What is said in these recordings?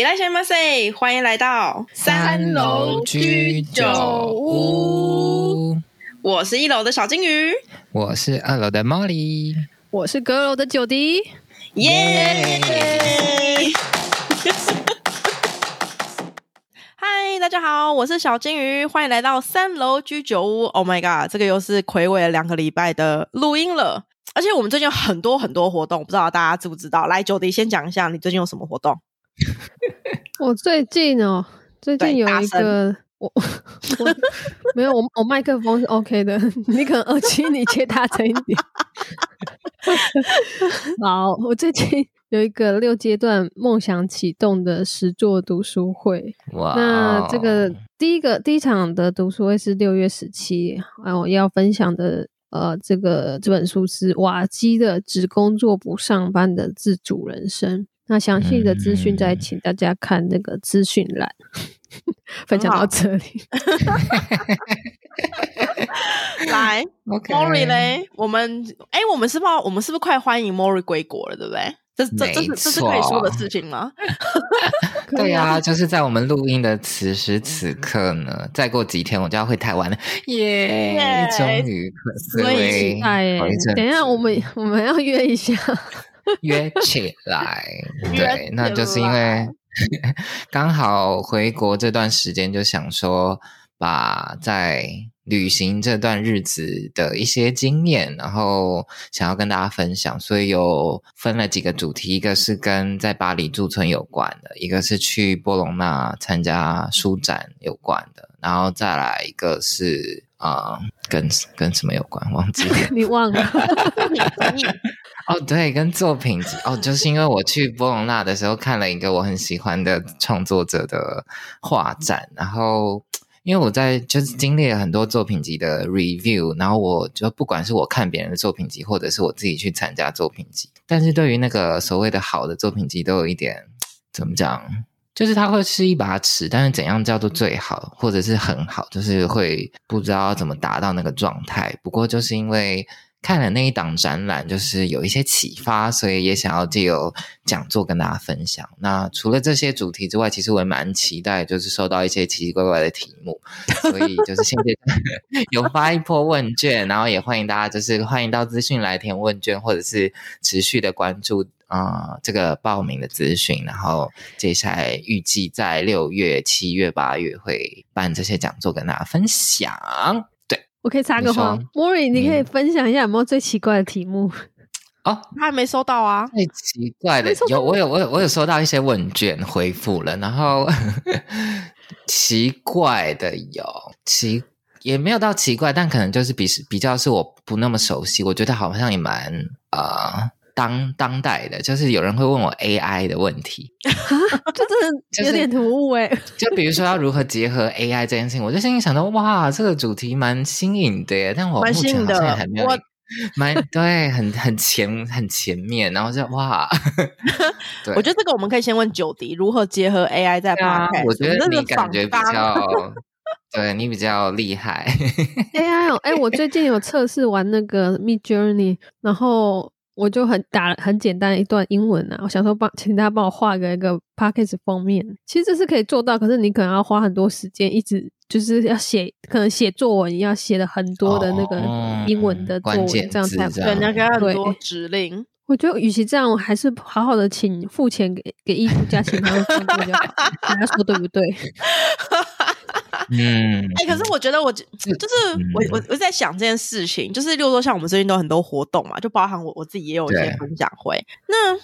起來先，馬賽！歡迎來到三樓居酒屋。我是一樓的小金魚，我是二樓的 Mori，我是閣樓的久迪。耶 Yeah! ！Hi 大家好，我是小金魚，歡迎來到三樓居酒屋。Oh my god，這個又是暌違兩個禮拜的錄音了，而且我們最近有很多很多活動，不知道大家知不知道。來，久迪先講一下，你最近有什麼活動？ 我最近哦，最近有一個我我沒有我我麥克風是 OK 的， 你可能二七你切大聲一點。 好，我最近有一個六階段夢想啟動的實作讀書會。哇 Wow，那這個第一個第一場的讀書會是六月十七，然後要分享的呃，這個這本書是瓦基的《只工作不上班的自主人生》。那詳細的資訊再請大家看那個資訊欄。分享到這裡。來、okay，Mori 嘞，我們哎、欸，我們是不，我們是不是快歡迎 Mori 歸國了？對不對？這這這是這是可以說的事情嗎？對呀、啊啊、就是在我們錄音的此時此刻呢，再過幾天我就要回台灣了，耶！Yeah, yeah, 終於可以期待、欸，等一下，我們我們要約一下。 約起來，對，那就是因為剛好回國這段時間，就想說把在旅行這段日子的一些經驗，然後想要跟大家分享，所以有分了幾個主題，一個是跟在巴黎駐村有關的，一個是去波隆那參加書展有關的，然後再來一個是啊、呃，跟跟什麼有關，忘記了 你忘了。 哦，對，跟作品集哦，就是因為我去波隆納的時候看了一個我很喜歡的創作者的畫展，然後因為我在就是經歷了很多作品集的 review，然後我就不管是我看別人的作品集，或者是我自己去參加作品集，但是對於那個所謂的好的作品集，都有一點怎麼講，就是它會是一把尺，但是怎樣叫做最好，或者是很好，就是會不知道要怎麼達到那個狀態。不過就是因為。看了那一檔展覽，就是有一些啟發，所以也想要借由講座跟大家分享。那除了這些主題之外，其實我也蠻期待，就是收到一些奇奇怪怪的題目，所以就是現在 有發一波問卷，然後也歡迎大家，就是歡迎到資訊來填問卷，或者是持續的關注啊、呃、這個報名的資訊。然後接下來預計在六月、七月、八月會辦這些講座，跟大家分享。我可以插個話，說 Mori，你可以分享一下有沒有最奇怪的題目？嗯、哦，他還沒收到啊。最奇怪的有，我有我有我有收到一些問卷回復了，然後 奇怪的有奇也沒有到奇怪，但可能就是比比較是我不那麼熟悉，我覺得好像也蠻啊。呃當當代的，就是有人會問我 AI 的問題，這 真的有點突兀哎，就是。就比如說要如何結合 AI 這件事情，我就心裡想到哇，這個主題蠻新穎的耶，但我目前好像還沒有蠻對，很很前很前面，然後就哇， 對我覺得這個我們可以先問久迪如何結合 AI 在，啊。我覺得你感覺比較， 對你比較厲害。AI， 哎，啊欸，我最近有測試玩那個 Midjourney，然後。我就很打了很簡單一段英文啊，我想說，幫，請大家幫我畫個一個 podcast 封面，其實這是可以做到，可是你可能要花很多時間，一直就是要寫，可能寫作文要寫的很多的那個英文的作文，oh, um, 這樣才給人家很多指令。我覺得與其這樣，我還是好好的請付錢給給藝術家，請 他們創作，大家說對不對？ 嗯，哎、欸，可是我覺得我就是我是、嗯、我我在想這件事情，就是例如說像我們最近都很多活動嘛，就包含我我自己也有一些分享會。對那，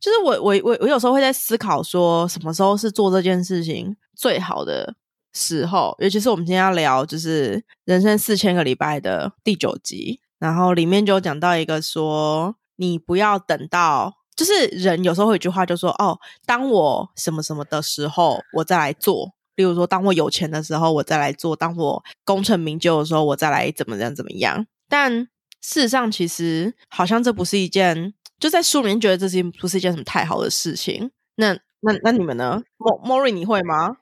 就是我我我我有時候會在思考說，什麼時候是做這件事情最好的時候？尤其是我們今天要聊，就是《人生四千個禮拜》的第九集，然後裡面就講到一個說，你不要等到，就是人有時候會有一句話就說，哦，當我什麼什麼的時候，我再來做。例如說，當我有錢的時候，我再來做；當我功成名就的時候，我再來怎麼樣怎麼樣。但事實上，其實好像這不是一件，就在書裡面覺得這並不是一件什麼太好的事情。那那那你們呢？Mori，你會嗎？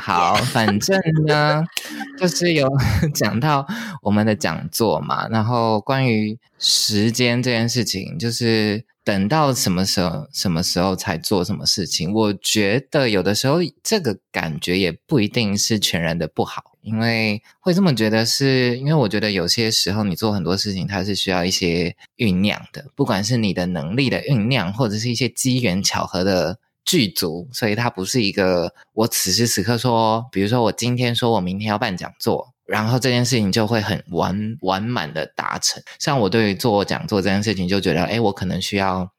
好，反正呢， 對就是有講到我們的講座嘛，然後關於時間這件事情，就是。等到什麼時候，什麼時候才做什麼事情？我覺得有的時候這個感覺也不一定是全然的不好，因為會這麼覺得是，是因為我覺得有些時候你做很多事情，它是需要一些醞釀的，不管是你的能力的醞釀，或者是一些機緣巧合的具足，所以它不是一個我此時此刻說，比如說我今天說我明天要辦講座。然後這件事情就會很完完滿的達成。像我對於做講座這件事情，就覺得，哎，我可能需要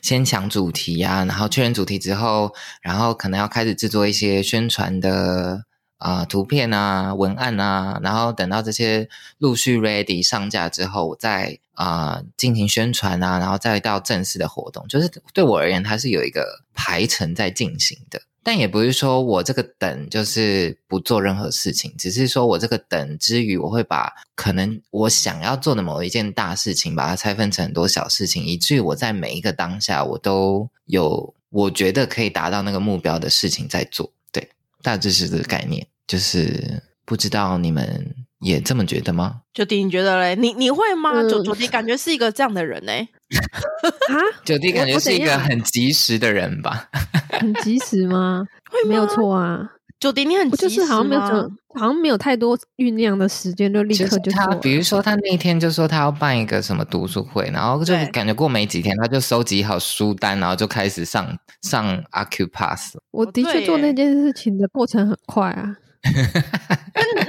先想主題啊，然後確認主題之後，然後可能要開始製作一些宣傳的啊、呃、圖片啊、文案啊，然後等到這些陸續 ready 上架之後，我再啊、呃、進行宣傳啊，然後再到正式的活動。就是對我而言，它是有一個排程在進行的。但也不是說我這個等就是不做任何事情，只是說我這個等之餘，我會把可能我想要做的某一件大事情，把它拆分成很多小事情，以至於我在每一個當下，我都有我覺得可以達到那個目標的事情在做。對，大致是這個概念，嗯、就是不知道你們也這麼覺得嗎？久迪、嗯，你覺得嘞？你你會嗎？久久迪感覺是一個這樣的人嘞、欸。啊， 蛤久迪感覺是一個很及時的人吧？欸、 很及時嗎？嗎沒有錯啊，久迪你很時就是好像沒有好像沒有太多醞釀的時間，就立刻就，就他比如說他那一天就說他要辦一個什麼讀書會，然後就感覺過沒幾天對他就收集好書單，然後就開始上上 Accupass。我的確做那件事情的過程很快啊。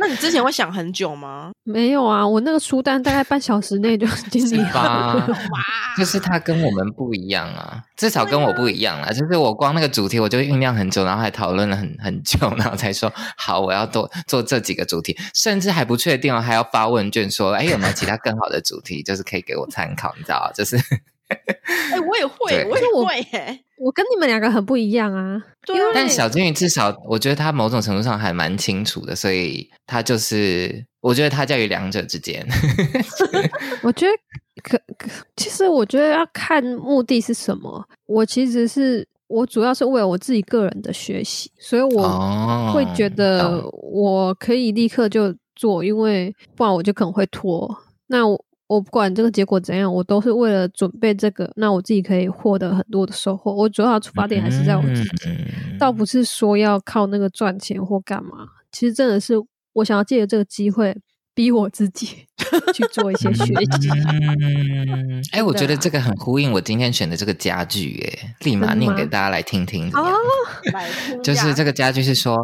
你之前會想很久嗎？沒有啊，我那個書單大概半小時內就定下來了。 就是他跟我們不一樣啊，至少跟我不一樣了、啊。就是我光那個主題，我就醞釀很久，然後還討論了很很久，然後才說好，我要多做，做這幾個主題，甚至還不確定哦，還要發問卷說，哎，有沒有其他更好的主題， 就是可以給我參考，你知道嗎？就是。哎、 欸，我也會，對我也會，哎我，我跟你們兩個很不一樣啊。對，但小金魚至少我覺得他某種程度上還蠻清楚的，所以他就是，我覺得他介於兩者之間。 我覺得可，可，其實我覺得要看目的是什麼。我其實是我主要是為了我自己個人的學習，所以我會覺得我可以立刻就做，因為不然我就可能會拖。那我。我不管這個結果怎樣，我都是為了準備這個，那我自己可以獲得很多的收穫。我主要的出發點還是在我自己，倒不是說要靠那個賺錢或幹嘛。其實真的是我想要借着這個機會。逼我自己去做一些學習。 嗯，哎， 我覺得這個很呼應我今天選的這個佳句，哎，立馬念給大家來聽聽怎麼樣。哦、聽 就是這個佳句是說，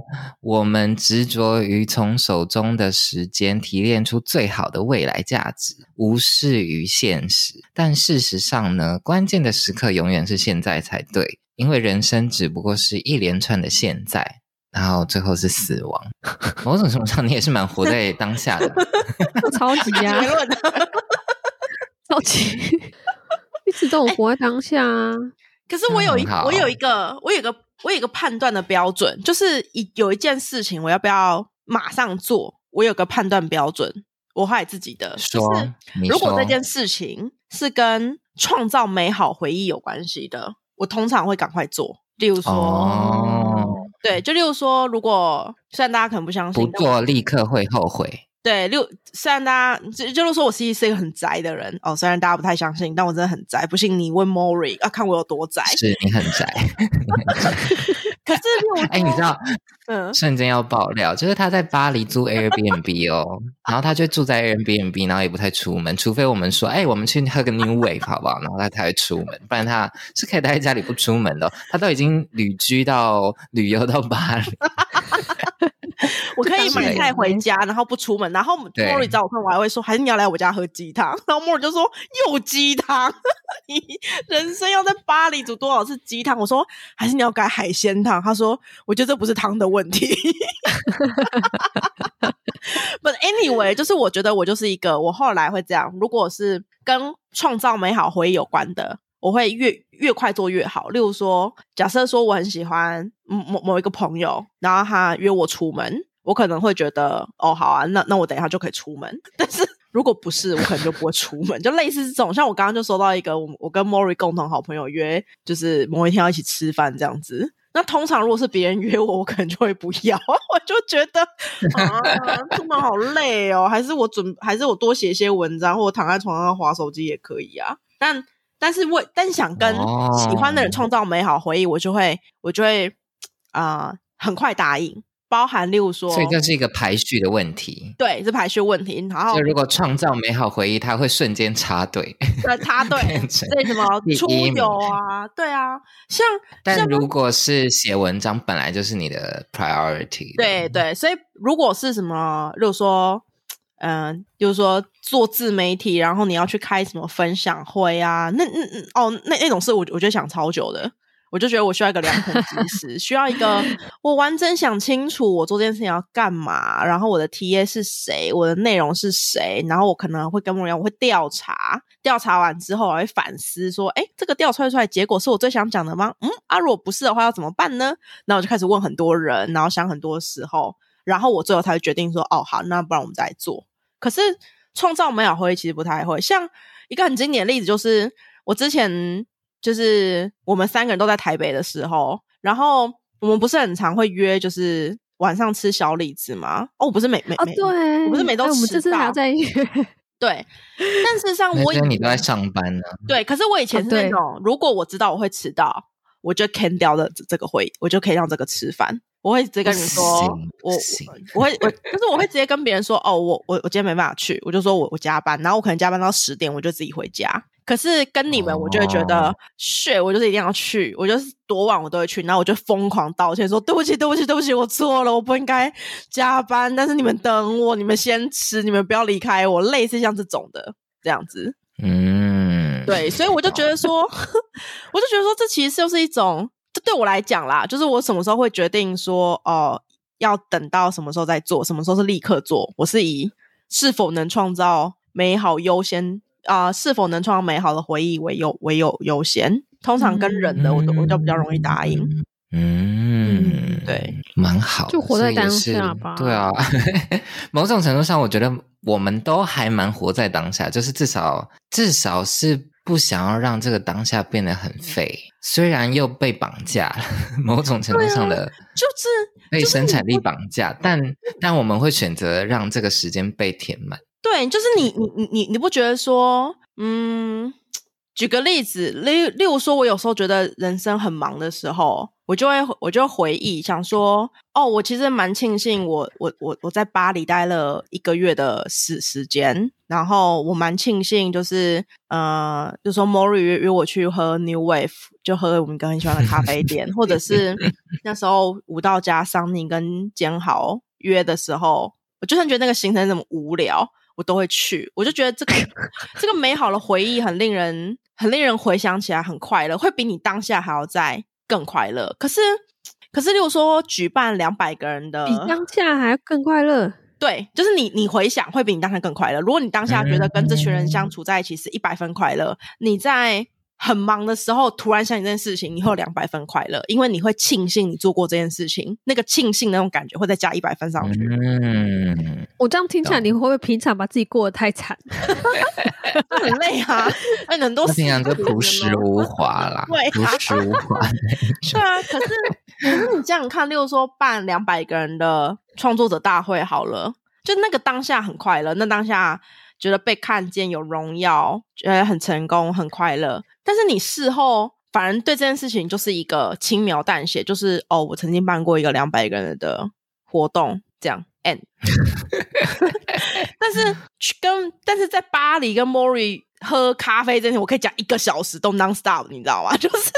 我們執着於從手中的時間提煉出最好的未來價值，無視於現實。但事實上呢，關鍵的時刻永遠是現在才對，因為人生只不過是一連串的現在。然後最後是死亡。我 怎麼知道，你也是蠻活在當下的。 超級呀！啊！ 超級一直 都活在當下啊。欸，可是我有一，好我有一個，我有一個，我有一個判斷的標準，就是一有一件事情，我要不要馬上做？我有一個判斷標準，我害自己的。就是如果這件事情是跟創造美好回憶有關係的，我通常會趕快做。例如說，哦對，就例如說，如果雖然大家可能不相信，不做立刻會後悔。對，六雖然大家就，就就是說我其實是一個很宅的人哦，雖然大家不太相信，但我真的很宅。不信你問 Mori、啊，要看我有多宅。是你很宅， 可是六哎、欸，你知道，嗯，瞬間要爆料，就是他在巴黎租 Airbnb 哦， 然後他就住在 Airbnb，然後也不太出門，除非我們說，哎、欸，我們去喝個 New Wave 好不好？然後他才會出門， 不然他是可以待在家裡不出門的，哦。他都已經旅居到旅遊到巴黎。我可以買菜回家，然後不出門。對然後 Mori 找我，我還會說，對還是你要來我家喝雞湯。然後 Mori 就說，又雞湯，你雞湯 你人生要在巴黎煮多少次雞湯？我說，還是你要改海鮮湯。他說，我覺得這不是湯的問題。 But anyway, 就是我覺得我就是一個，我後來會這樣。如果是跟創造美好回憶有關的，我會越越快做越好。例如說，假設說我很喜歡某某一個朋友，然後他約我出門。我可能會覺得，哦，好啊，那那我等一下就可以出門。但是如果不是，我可能就不會出門。就類似這種，像我剛剛就收到一個，我我跟 Mori 共同好朋友約，就是某一天要一起吃飯這樣子。那通常如果是別人約我，我可能就會不要。我就覺得啊，出門好累哦，還是我準，還是我多寫一些文章，或者躺在床上滑手機也可以啊。但但是為但想跟喜歡的人創造美好回憶，我就會我就會啊、呃，很快答應。包含，例如說，所以這是一個排序的問題。對，是排序問題。然後，就如果創造美好回憶，它會瞬間插隊。對，插隊，所以什麼出遊啊？一對啊，像。但如果是寫文章，像本來就是你的 priority。對對，所以如果是什麼，例如說，嗯、呃，就是說做自媒體，然後你要去開什麼分享會啊？那那哦，那那種事，我我覺得想超久的。我就覺得我需要一個良衡知時， 需要一個我完整想清楚我做這件事情要幹嘛，然後我的 T A 是誰，我的內容是誰，然後我可能會跟我一樣我會調查，調查完之後我會反思，說，哎，這個調查出來結果是我最想講的嗎？嗯啊，如果不是的話，要怎麼辦呢？那我就開始問很多人，然後想很多時候，然後我最後才決定說，哦，好，那不然我們再做。可是創造沒有會，其實不太會。像一個很經典的例子，就是我之前。就是我們三個人都在台北的時候，然後我們不是很常會約，就是晚上吃小李子嗎？哦，不是每每哦，對，我不是每週，哎。我們這次還在約。對， 但事實上我以前，你都在上班呢，啊。對，可是我以前是那種，啊、如果我知道我會遲到，我就 cancel 掉了這個會，我就可以讓這個吃飯。我會直接跟你說，行行我我會我就 是我會直接跟別人說，哦，我我我今天沒辦法去，我就說我我加班，然後我可能加班到十點，我就自己回家。可是跟你們，我就會覺得去，oh. 我就是一定要去，我就是多晚我都會去，然後我就瘋狂道歉說對不起，對不起，對不起，我錯了，我不應該加班。但是你們等我，你們先吃，你們不要離開我，類似像這種的這樣子，嗯，mm. 對，所以我就覺得說， 我就覺得說，這其實又是一種，這對我來講啦，就是我什麼時候會決定說，哦、呃，要等到什麼時候再做，什麼時候是立刻做，我是以是否能創造美好優先。啊、呃，是否能創造美好的回憶為優為優優先，通常跟人的我都我就比較容易答應。嗯，嗯嗯對，蠻好的，就活在當下吧。對啊， 某種程度上，我覺得我們都還蠻活在當下，就是至少至少是不想要讓這個當下變得很廢。嗯、雖然又被綁架，某種程度上的就是被生產力綁架，啊就是就是、但但我們會選擇讓這個時間被填滿。對，就是你，你，你，你，你不覺得說，嗯，舉個例子，例例如說，我有時候覺得人生很忙的時候，我就會我就回憶，想說，哦，我其實蠻慶幸我，我我我我在巴黎待了一個月的時時間，然後我蠻慶幸，就是呃，就說 Mori 約約我去喝 New Wave，就喝我們一個很喜歡的咖啡店， 或者是那時候舞蹈家桑尼跟堅豪約的時候，我就算覺得那個行程這麼無聊。我都會去，我就覺得這個 這個美好的回憶很令人很令人回想起來很快樂，會比你當下還要再更快樂。可是可是，如果說舉辦兩百個人的，比當下還要更快樂，對，就是你你回想會比你當下更快樂。如果你當下覺得跟這群人相處在一起是一百分快樂，你在。很忙的時候，突然想起這件事情，以後兩百分快樂，因為你會慶幸你做過這件事情，那個慶幸那種感覺會再加一百分上去。嗯，我這樣聽起來，對 你會不會平常把自己過得太慘？ 很累啊， 哎，人都平常就樸實無華啦， 對、啊，樸實無華。是 啊，可是可是你這樣看，例如說辦兩百個人的創作者大會好了，就那個當下很快樂，那當下、啊。覺得被看見有榮耀，覺得很成功，很快樂。但是你事後，反正對這件事情就是一個輕描淡寫，就是哦，我曾經辦過一個兩百個人的活動這樣。And，但是跟但是在巴黎跟 Mori 喝咖啡這些，我可以講一個小時都 non stop，你知道嗎？就是。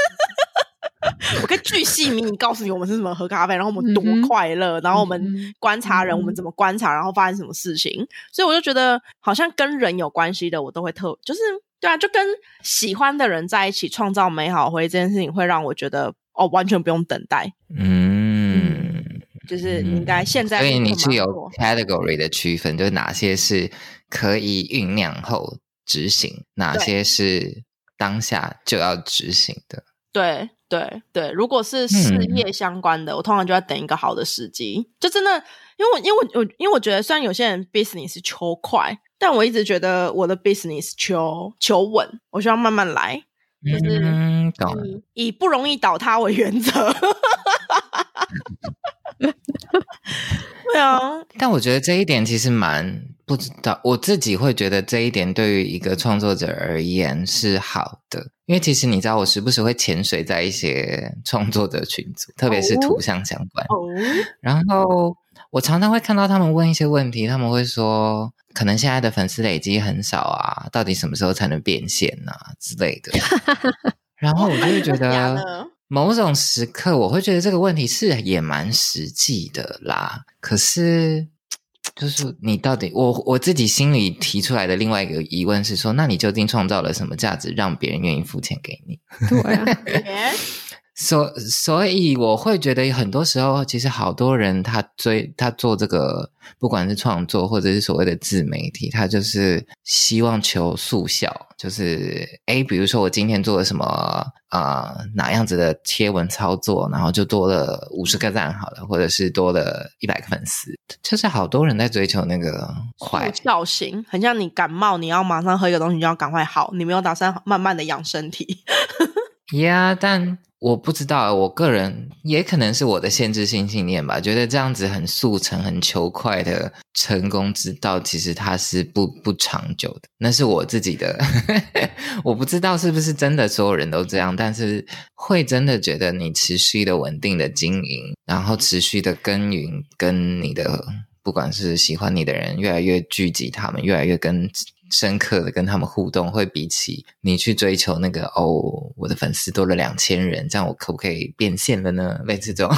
我可以巨細靡遺告訴你，我們是怎麼喝咖啡，然後我們多快樂，嗯、哼然後我們觀察人，嗯、哼我們怎麼觀察，然後發生什麼事情。所以我就覺得，好像跟人有關係的，我都會特就是對啊，就跟喜歡的人在一起，創造美好回憶這件事情，會讓我覺得哦，完全不用等待。嗯，嗯，就是應該現在，嗯，現在。所以你是有 category 的區分，就是哪些是可以醞釀後執行，哪些是當下就要執行的。對。對對對，如果是事業相關的，嗯、我通常就要等一個好的時機。就真的，因為我因為我因為我覺得，雖然有些人 business 求快，但我一直覺得我的 business 求求穩，我需要慢慢來，就是以、嗯、以不容易倒塌為原則。 對啊，但我覺得這一點其實蠻。不知道，我自己會覺得這一點對於一個創作者而言是好的，因為其實你知道，我時不時會潛水在一些創作者群組，特別是圖像相關。哦哦、然後我常常會看到他們問一些問題，他們會說：“可能現在的粉絲累積很少啊，到底什麼時候才能變現啊？”之類的。 然後我就會覺得，某種時刻我會覺得這個問題是也蠻實際的啦。可是。就是你到底，我我自己心裡提出來的另外一個疑問是說，那你究竟創造了什麼價值，讓別人願意付錢給你？對啊。 yeah. 所、so, 所以，我會覺得很多時候，其實好多人他追他做這個，不管是創作或者是所謂的自媒體，他就是希望求速效，就是哎，A, 比如說我今天做了什麼啊、呃，哪樣子的貼文操作，然後就多了五十個贊好了，或者是多了一百個粉絲，就是好多人在追求那個快效型，很像你感冒，你要馬上喝一個東西，就要趕快好，你沒有打算慢慢的養身體。 y、yeah, 但。我不知道，我個人也可能是我的限制性信念吧，覺得這樣子很速成、很求快的成功之道，其實它是不不長久的。那是我自己的， 我不知道是不是真的所有人都這樣，但是會真的覺得你持續的穩定的經營，然後持續的耕耘，跟你的不管是喜歡你的人越來越聚集，他們越來越跟。深刻的跟他們互動，會比起你去追求那個哦，我的粉絲多了兩千人，這樣我可不可以變現了呢？類似這種，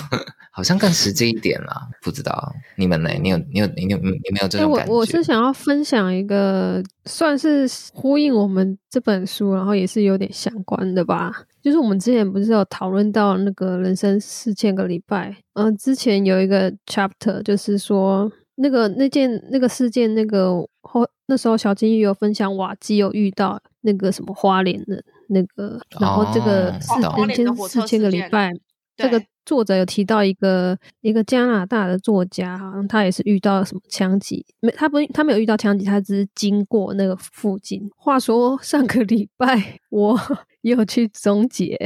好像更實際一點啦。不知道你們呢？你有你有你有你有沒有這種感覺？就我我是想要分享一個，算是呼應我們這本書，然後也是有點相關的吧。就是我們之前不是有討論到那個人生四千個禮拜，嗯、呃，之前有一個 chapter，就是說那個那件那個事件那個後。那時候小金魚有分享瓦基有遇到那個什麼花蓮的那個，然後這個四千四千個禮拜，對這個作者有提到一個一個加拿大的作家，好像他也是遇到什麼槍擊，沒，他不他沒有遇到槍擊，他只是經過那個附近。話說上個禮拜我也有去中捷，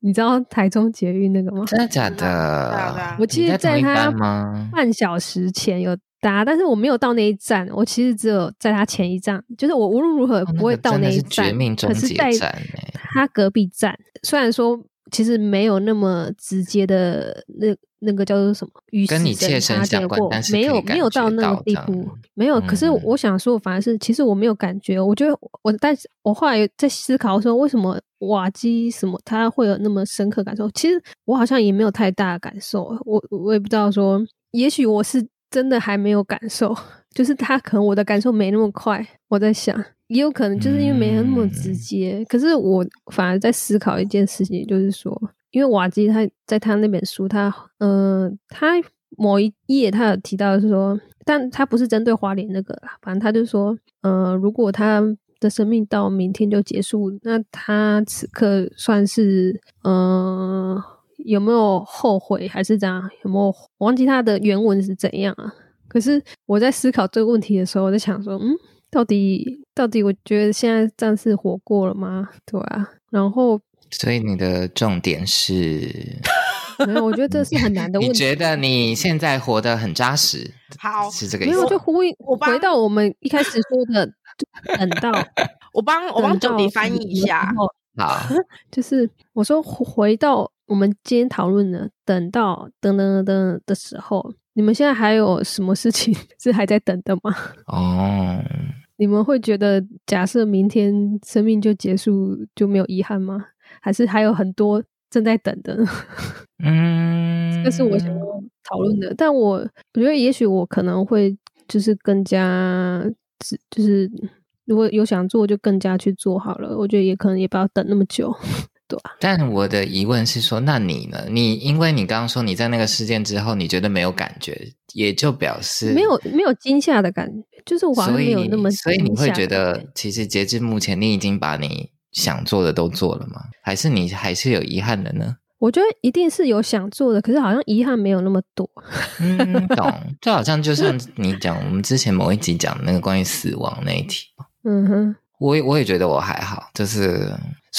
你知道台中捷運那個嗎？啊、真的假的、嗯？我記得在他半小時前有。啊！但是我沒有到那一站，我其實只有在他前一站，就是我無論如何不會到那一站，哦，那個真的是絕命終結站，可是在他隔壁站，欸、雖然說其實沒有那麼直接的那那個叫做什麼，跟、過跟你切身相關，但是沒有沒有到那個地步，嗯、沒有。可是我想說反正，反而是其實我沒有感覺，我覺得我但是我、我後來在思考說為什麼瓦基什麼他會有那麼深刻感受？其實我好像也沒有太大的感受，我我也不知道說，也許我是。真的還沒有感受，就是他可能我的感受沒那麼快。我在想，也有可能就是因為沒有那麼直接。嗯、可是我反而在思考一件事情，就是說，因為瓦基他在他那本書他，他、呃、嗯，他某一頁他有提到的是說，但他不是針對華蓮那個啦，反正他就說，呃，如果他的生命到明天就結束，那他此刻算是嗯。呃有沒有後悔還是這樣？有沒有忘記他的原文是怎樣啊？可是我在思考這個問題的時候，我在想說，嗯，到底到底，我覺得現在暫時活過了嗎？對啊，然後所以你的重點是沒有，我覺得這是很難的問題。 你覺得你現在活得很扎實？ 好，是這個意思。沒有我，就呼應我回到我們一開始說的， 等到， 等到我幫我幫久迪翻譯一下。然後啊，啊，就是我說回到我們今天討論的，等到等等等的時候，你們現在還有什麼事情是還在等的嗎？哦、啊，你們會覺得假設明天生命就結束就沒有遺憾嗎？還是還有很多正在等的？嗯，這是我想討論的，但我我覺得也許我可能會就是更加就是。如果有想做，就更加去做好了。我覺得也可能也不要等那麼久，對吧，啊？但我的疑問是說，那你呢？你因為你剛剛說你在那個事件之後，你覺得沒有感覺，也就表示沒有沒有驚嚇的感覺，就是完全沒有那麼驚嚇所，所以你會覺得，其實截至目前，你已經把你想做的都做了嗎？還是你還是有遺憾的呢？我覺得一定是有想做的，可是好像遺憾沒有那麼多。 嗯，懂。就好像就像你講，是我們之前某一集講的那個關於死亡那一題。嗯哼，我也我也覺得我還好，就是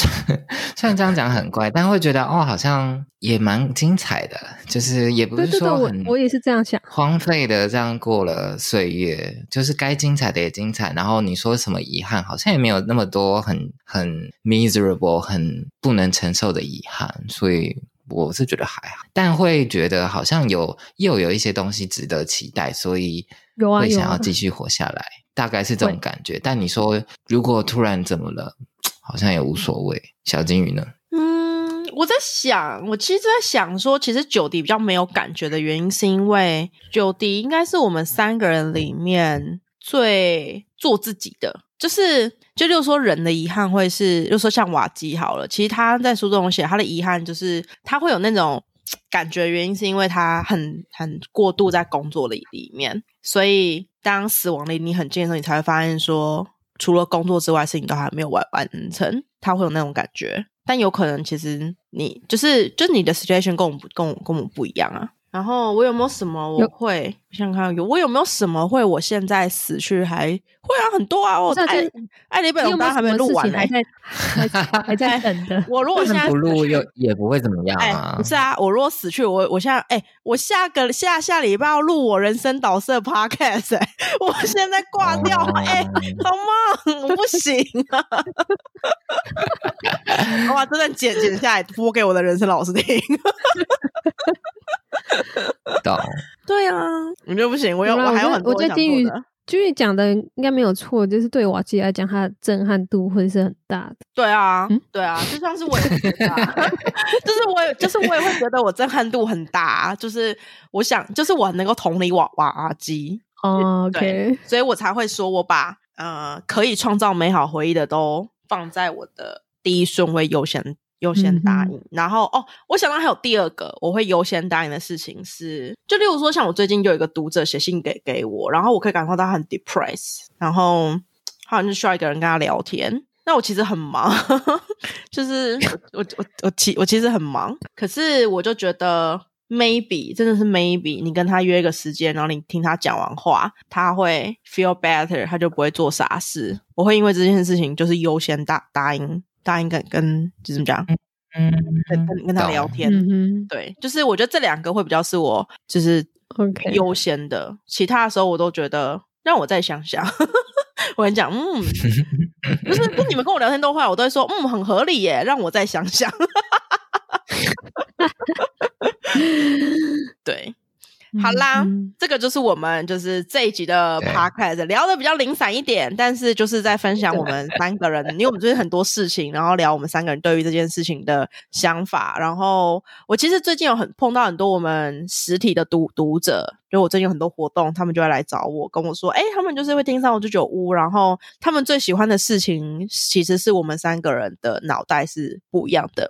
雖然這樣講很怪，但會覺得哦，好像也蠻精彩的，就是也不是說很，我也是這樣想，荒廢的這樣過了歲月，就是該精彩的也精彩，然後你說什麼遺憾，好像也沒有那麼多很很 miserable 很不能承受的遺憾，所以我是覺得還好，但會覺得好像有又有一些東西值得期待，所以會想要繼續活下來。大概是這種感覺，對但你說如果突然怎麼了，好像也無所謂。小金魚呢？嗯，我在想，我其實在想說，其實久迪比較沒有感覺的原因，是因為久迪應該是我們三個人裡面最做自己的，就是就就說人的遺憾會是，就說像瓦基好了，其實他在書中寫他的遺憾就是他會有那種。感覺原因是因為他很很過度在工作裡裡面，所以當死亡離你很近的時候，你才會發現說，除了工作之外事情都還沒有完完成，他會有那種感覺。但有可能其實你就是就你的 situation 跟我跟我跟我不一樣啊。然後我有沒有什麼？我會有我想看有我有沒有什麼會？我現在死去還會啊，很多啊！我哎是哎，你本來剛剛還沒錄完還，還在還在等著。 我如果我現在不錄又也，也不會怎麼樣啊？哎、是啊，我如果死去，我我現在哎，我下個下下禮拜要錄我人生導師 podcast、欸、我現在掛掉、哦、哎，好夢我不行啊！我把這段剪剪下來播給我的人生老師聽。 對啊，你就不行？我有，有啦，我還有很多我。我覺得金魚，金魚講的應該沒有錯，就是對瓦基來講，它的震撼度會是很大的。對啊，嗯、對啊，就算是我也覺得、啊、 就是我，就是我也會覺得我震撼度很大、啊。就是我想，就是我能夠同理瓦瓦基。Oh, OK，所以我才會說我把呃可以創造美好回憶的都放在我的第一順位優先。優先答應，嗯哼，然後哦，我想到還有第二個我會優先答應的事情是，就例如說像我最近就有一個讀者寫信給給我，然後我可以感受到他很 depressed，然後好像就需要一個人跟他聊天。那我其實很忙，呵呵就是我我我其我其實很忙，可是我就覺得 maybe 真的是 maybe 你跟他約一個時間，然後你聽他講完話，他會 feel better，他就不會做傻事。我會因為這件事情就是優先答答應。答應跟跟怎麼講？嗯，跟跟，跟他聊天，對，就是我覺得這兩個會比較是我就是優 Okay. 先的，其他的時候我都覺得讓我再想想。 我跟你講，嗯， 就是你們跟我聊天都壞，我都會說嗯，很合理耶，讓我再想想。 對。好啦，這個就是我們就是這一集的 podcast，對聊的比較零散一點，但是就是在分享我們三個人，的因為我們最近很多事情， 然後聊我們三個人對於這件事情的想法。然後我其實最近有很碰到很多我們實體的讀讀者，就我最近有很多活動，他們就會來，來找我，跟我說，哎，他們就是會盯上我這居酒屋，然後他們最喜歡的事情，其實是我們三個人的腦袋是不一樣的，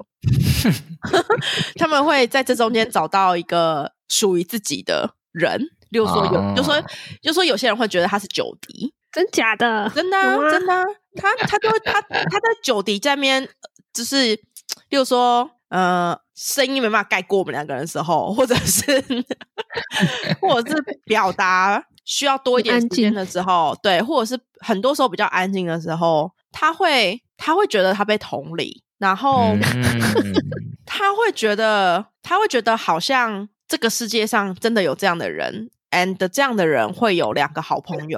他們會在這中間找到一個。屬於自己的人，例如說有，oh. 就說就說有些人會覺得他是久迪，真假的？真的、啊啊、真的、啊，他他就他他在久迪這邊，就是例如說呃，聲音沒辦法蓋過我們兩個人的時候，或者是或者是表達需要多一點時間的時候， 靜對，或者是很多時候比較安靜的時候，他會他會覺得他被同理，然後、嗯、 他會覺得他會覺得好像。這個世界上真的有這樣的人，and 這樣的人會有兩個好朋友，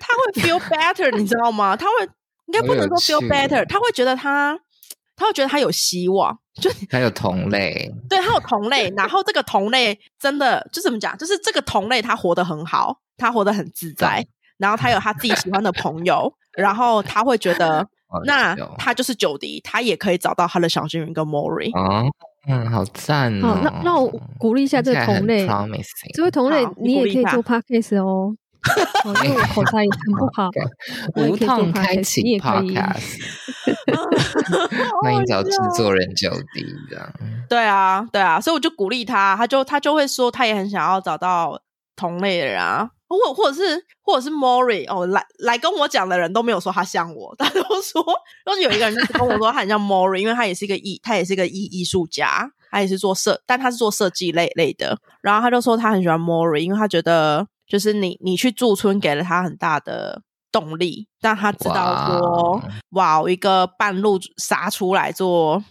他會 feel better，你知道嗎？他會應該不能說 feel better，他會覺得他，他會覺得他有希望，就他有同類，對他有同類，然後這個同類真的就怎麼講？就是這個同類他活得很好，他活得很自在，然後他有他自己喜歡的朋友，然後他會覺得，那他就是久迪，他也可以找到他的小金魚跟 Mori 啊。嗯，好讚哦！啊、那那我鼓勵一下這個這位同類，這位同類你也可以做 podcast 哦，因為、 哦、我口才也很不好，無痛開啟 podcast，歡迎找製作人久迪這樣。對啊，對啊，所以我就鼓勵他，他就他就會說，他也很想要找到同類的人啊。或或者是或者是 Mori 哦，來來跟我講的人都沒有說他像我，他都說。然後有一個人就是跟我說他很像 Mori， 因為他也是一個藝，他也是一個藝藝術家，他也是做設，但他是做設計類類的。然後他就說他很喜歡 Mori，因為他覺得就是你你去駐村給了他很大的動力，但他知道說 Wow 哇，一個半路殺出來做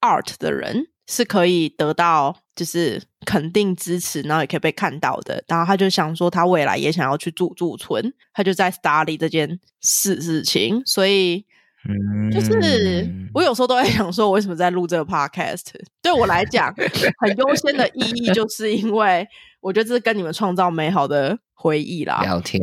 art 的人。是可以得到就是肯定支持，然後也可以被看到的。然後他就想說，他未來也想要去住駐村，他就在 study 這件事事情。所以，就是我有時候都在想，說我為什麼在錄這個 podcast？對我來講，很優先的意義，就是因為我覺得這是跟你們創造美好的回憶啦。聊天，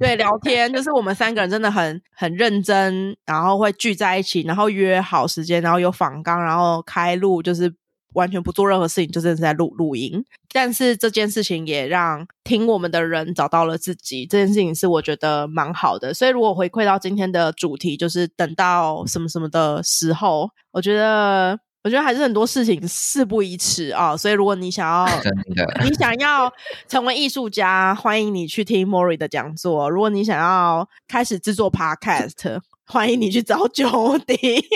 對，聊天就是我們三個人真的很很認真，然後會聚在一起，然後約好時間，然後有訪綱，然後開錄，就是。完全不做任何事情，就是在錄錄音。但是這件事情也讓聽我們的人找到了自己。這件事情是我覺得蠻好的。所以如果回饋到今天的主題，就是等到什麼什麼的時候，我覺得我覺得還是很多事情事不宜遲啊。所以如果你想要 你想要成為藝術家，歡迎你去聽 Mori 的講座；如果你想要開始制作 Podcast，歡迎你去找久迪。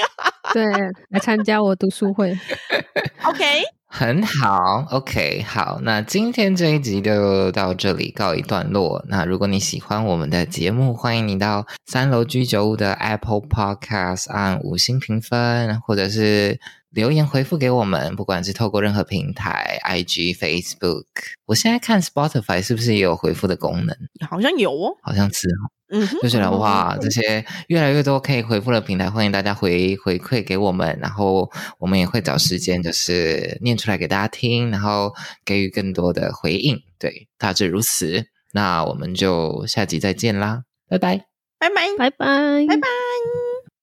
對，來參加我讀書會 ，OK，很好，OK，好，那今天這一集就到這裡告一段落。那如果你喜歡我們的節目，歡迎你到三樓居酒屋的 Apple Podcast 按五星評分，或者是。留言回覆給我們，不管是透過任何平台，IG、Facebook，我現在看 Spotify 是不是也有回覆的功能？好像有哦，好像是。嗯哼，就是的話，嗯、哼這些越來越多可以回覆的平台，歡迎大家回回饋給我們，然後我們也會找時間，就是念出來給大家聽，然後給予更多的回應。對，大致如此。那我們就下集再見啦，拜拜，拜拜，拜拜，拜拜。拜拜。